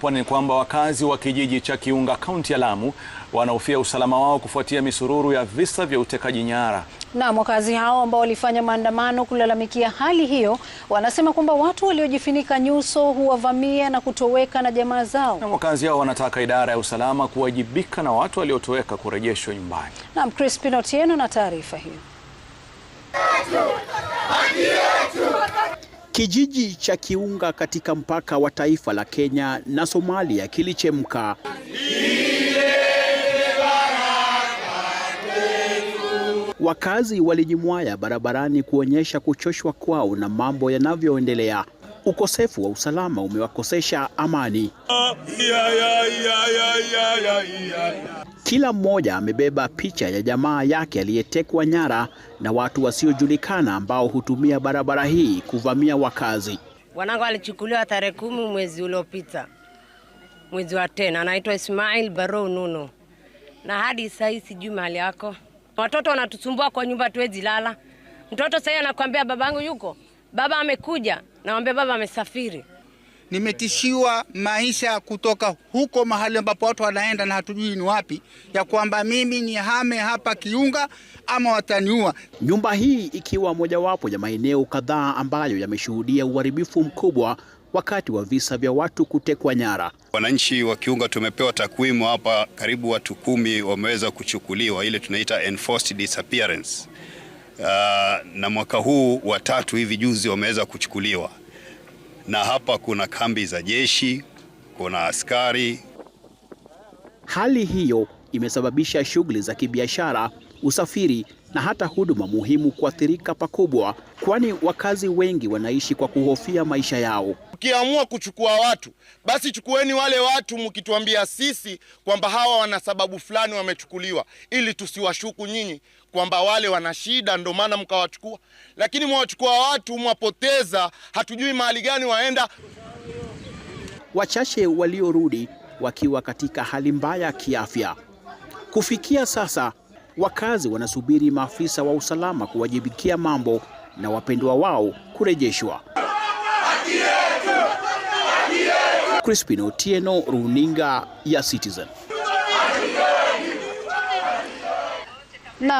pwani ni kwamba wakazi wa kijiji cha Kiunga kaunti ya Lamu wanahofia usalama wao kufuatia misururu ya visa vya utekaji nyara. Naam, wakazi hao ambao walifanya maandamano kulalamikia hali hiyo wanasema kwamba watu waliojifunika nyuso huwavamia na kutoweka na jamaa zao. Na wakazi hao wanataka idara ya usalama kuwajibika na watu waliotoweka kurejeshwa nyumbani. Naam, Crispin Otieno na taarifa hiyo. Kijiji cha Kiunga katika mpaka wa taifa la Kenya na Somalia kilichemka. Wakazi walijimwaya barabarani kuonyesha kuchoshwa kwao na mambo yanavyoendelea. Ukosefu wa usalama umewakosesha amani. Kila mmoja amebeba picha ya jamaa yake aliyetekwa nyara na watu wasiojulikana ambao hutumia barabara hii kuvamia wakazi. Wanangu alichukuliwa tarehe kumi mwezi uliopita, mwezi wa tena, anaitwa Ismail baro Nuno, na hadi saa hii sijui mahali yako. Watoto wanatusumbua kwa nyumba, tuwezi lala. Mtoto sahii anakuambia babangu yuko, baba amekuja, nawambia baba amesafiri nimetishiwa maisha kutoka huko mahali ambapo watu wanaenda na hatujui ni wapi, ya kwamba mimi ni hame hapa Kiunga ama wataniua. Nyumba hii ikiwa mojawapo ya maeneo kadhaa ambayo yameshuhudia uharibifu mkubwa wakati wa visa vya watu kutekwa nyara. Wananchi wa Kiunga tumepewa takwimu hapa, karibu watu kumi wameweza kuchukuliwa, ile tunaita enforced disappearance. Uh, na mwaka huu watatu hivi juzi wameweza kuchukuliwa na hapa kuna kambi za jeshi, kuna askari. Hali hiyo imesababisha shughuli za kibiashara, usafiri na hata huduma muhimu kuathirika pakubwa, kwani wakazi wengi wanaishi kwa kuhofia maisha yao. ukiamua kuchukua watu, basi chukueni wale watu mkituambia sisi kwamba hawa wana sababu fulani wamechukuliwa, ili tusiwashuku nyinyi kwamba wale wana shida, ndio maana mkawachukua. Lakini mwawachukua watu mwapoteza, hatujui mahali gani waenda. Wachache waliorudi wakiwa katika hali mbaya kiafya. Kufikia sasa Wakazi wanasubiri maafisa wa usalama kuwajibikia mambo na wapendwa wao kurejeshwa. Crispin Otieno, runinga ya Citizen. Naam.